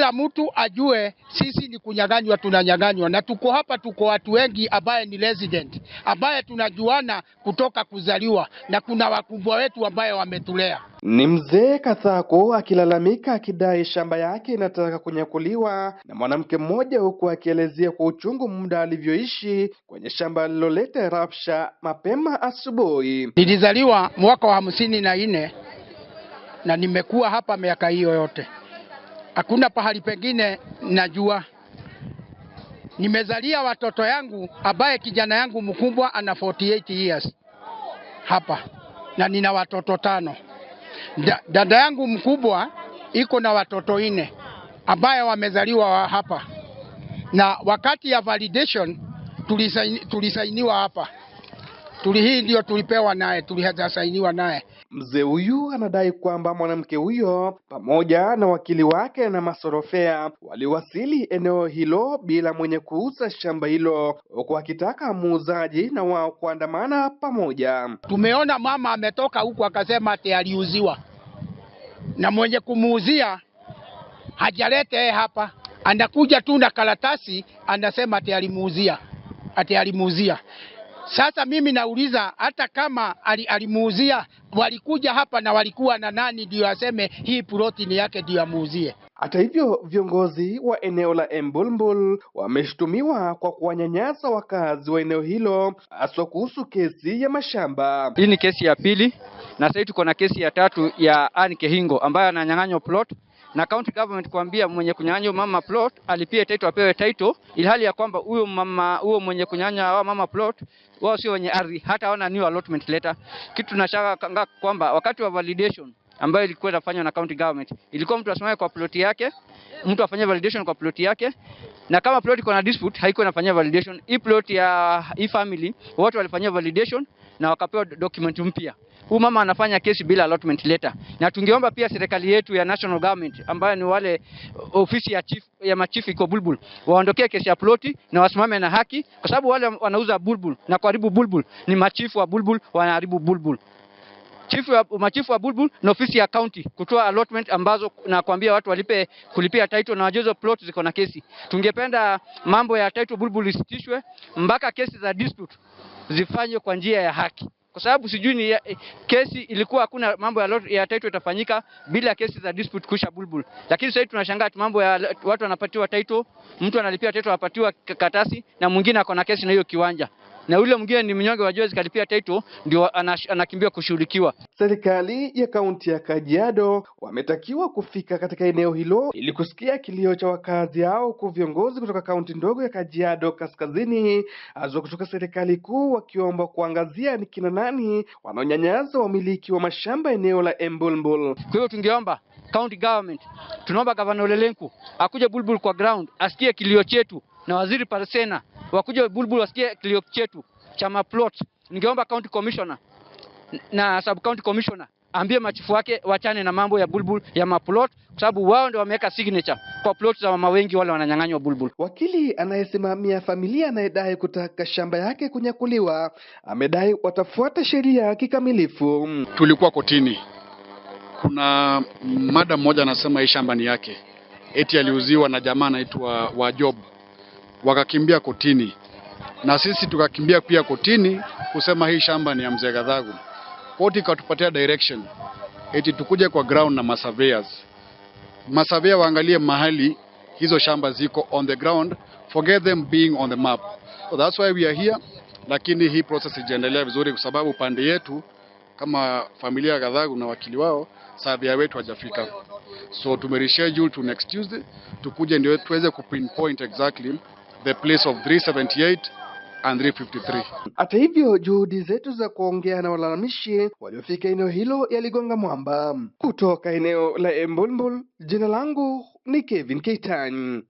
kila mtu ajue sisi ni kunyang'anywa, tunanyang'anywa, na tuko hapa, tuko watu wengi ambaye ni resident, ambaye tunajuana kutoka kuzaliwa, na kuna wakubwa wetu ambaye wametulea. Ni mzee Kathako akilalamika akidai shamba yake inataka kunyakuliwa na mwanamke mmoja, huku akielezea kwa uchungu muda alivyoishi kwenye shamba liloleta rafsha mapema asubuhi. Nilizaliwa mwaka wa hamsini na nne na nimekuwa hapa miaka hiyo yote. Hakuna pahali pengine najua. Nimezalia watoto yangu ambaye kijana yangu mkubwa ana 48 years hapa na nina watoto tano. dada yangu mkubwa iko na watoto ine ambaye wamezaliwa hapa, na wakati ya validation tulisaini, tulisainiwa hapa tuli hii ndio tulipewa naye, tulisainiwa naye. Mzee huyu anadai kwamba mwanamke huyo pamoja na wakili wake na masorofea waliwasili eneo hilo bila mwenye kuuza shamba hilo, huku akitaka muuzaji na wao kuandamana pamoja. Tumeona mama ametoka huku akasema ati aliuziwa na mwenye kumuuzia hajalete hapa, anakuja tu na karatasi anasema ati alimuuzia, ati alimuuzia sasa mimi nauliza hata kama alimuuzia, walikuja hapa na walikuwa na nani ndio aseme hii ploti ni yake ndio amuuzie? Hata hivyo viongozi wa eneo la Embulbul wameshtumiwa kwa kuwanyanyasa wakazi wa eneo hilo haswa kuhusu kesi ya mashamba. Hii ni kesi ya pili na sasa tuko na kesi ya tatu ya Anne Kehingo ambaye ananyang'anywa plot na county government kuambia mwenye kunyang'anywa mama plot alipie title apewe title, ilhali ya kwamba huyo mama huyo mwenye kunyanya wa mama plot wao sio wenye ardhi, hata ona new allotment letter. Kitu tunashaka kwamba wakati wa validation ambayo ilikuwa inafanywa na county government. Ilikuwa mtu asimame kwa plot yake, mtu afanye validation kwa plot yake, na kama plot iko na dispute haiko inafanyia validation. Hii plot ya hii family watu walifanyia validation na wakapewa document mpya. Huyu mama anafanya kesi bila allotment letter, na tungeomba pia serikali yetu ya national government ambayo ni wale ofisi ya chief ya machifu iko Bulbul waondokee kesi ya ploti na wasimame na haki, kwa sababu wale wanauza Bulbul na kuharibu Bulbul ni machifu wa Bulbul, wanaharibu Bulbul chifu wa, machifu wa Bulbul na ofisi ya county kutoa allotment ambazo na kuambia watu walipe kulipia title na wajezo plot ziko na kesi. Tungependa mambo ya title Bulbul isitishwe mpaka kesi za dispute zifanywe kwa njia ya haki kwa sababu sijui ni ya, eh, kesi ilikuwa hakuna mambo ya, lot, ya title itafanyika bila kesi za dispute kusha Bulbul, lakini sasa tunashangaa mambo ya watu wanapatiwa title, mtu analipia title anapatiwa katasi na mwingine ako na kesi na hiyo kiwanja na yule mwingine ni mnyonge wa Joyce Kalipia Taito ndio anakimbia kushughulikiwa. Serikali ya kaunti ya Kajiado wametakiwa kufika katika eneo hilo ili kusikia kilio cha wakazi hao, huku viongozi kutoka kaunti ndogo ya Kajiado Kaskazini azo kutoka serikali kuu wakiomba kuangazia ni kina nani wanaonyanyasa wamiliki wa mashamba eneo la Embulbul. Kwa hiyo tungeomba county government, tunaomba gavana Olelenku akuje Bulbul kwa ground asikie kilio chetu na waziri Parasena wakuja Bulbul wasikie kilio chetu cha maplot. Ningeomba county commissioner na sub county commissioner ambie machifu wake wachane na mambo ya Bulbul ya maplot, kwa sababu wao ndio wameweka signature kwa plot za mama wengi wale wananyang'anywa Bulbul. Wakili anayesimamia familia anayedai kutaka shamba yake kunyakuliwa amedai watafuata sheria kikamilifu. Tulikuwa kotini, kuna mada mmoja anasema hii shamba ni yake, eti aliuziwa na jamaa anaitwa Wajobu wakakimbia kotini, na sisi tukakimbia pia kotini kusema hii shamba ni ya mzee Gathagu. Koti ikatupatia direction eti tukuje kwa ground na masurveyors, masurveyor waangalie mahali hizo shamba ziko on the ground, forget them being on the map. So that's why we are here, lakini hii process ijaendelea vizuri kwa sababu pande yetu kama familia ya Gathagu na wakili wao surveyor wetu hajafika, so tumereschedule to next Tuesday tukuje ndio tuweze kupinpoint exactly the place of 378 and 353. Hata hivyo, juhudi zetu za kuongea na walalamishi waliofika eneo hilo yaligonga mwamba. Kutoka eneo la Embulbul, jina langu ni Kevin Keitany.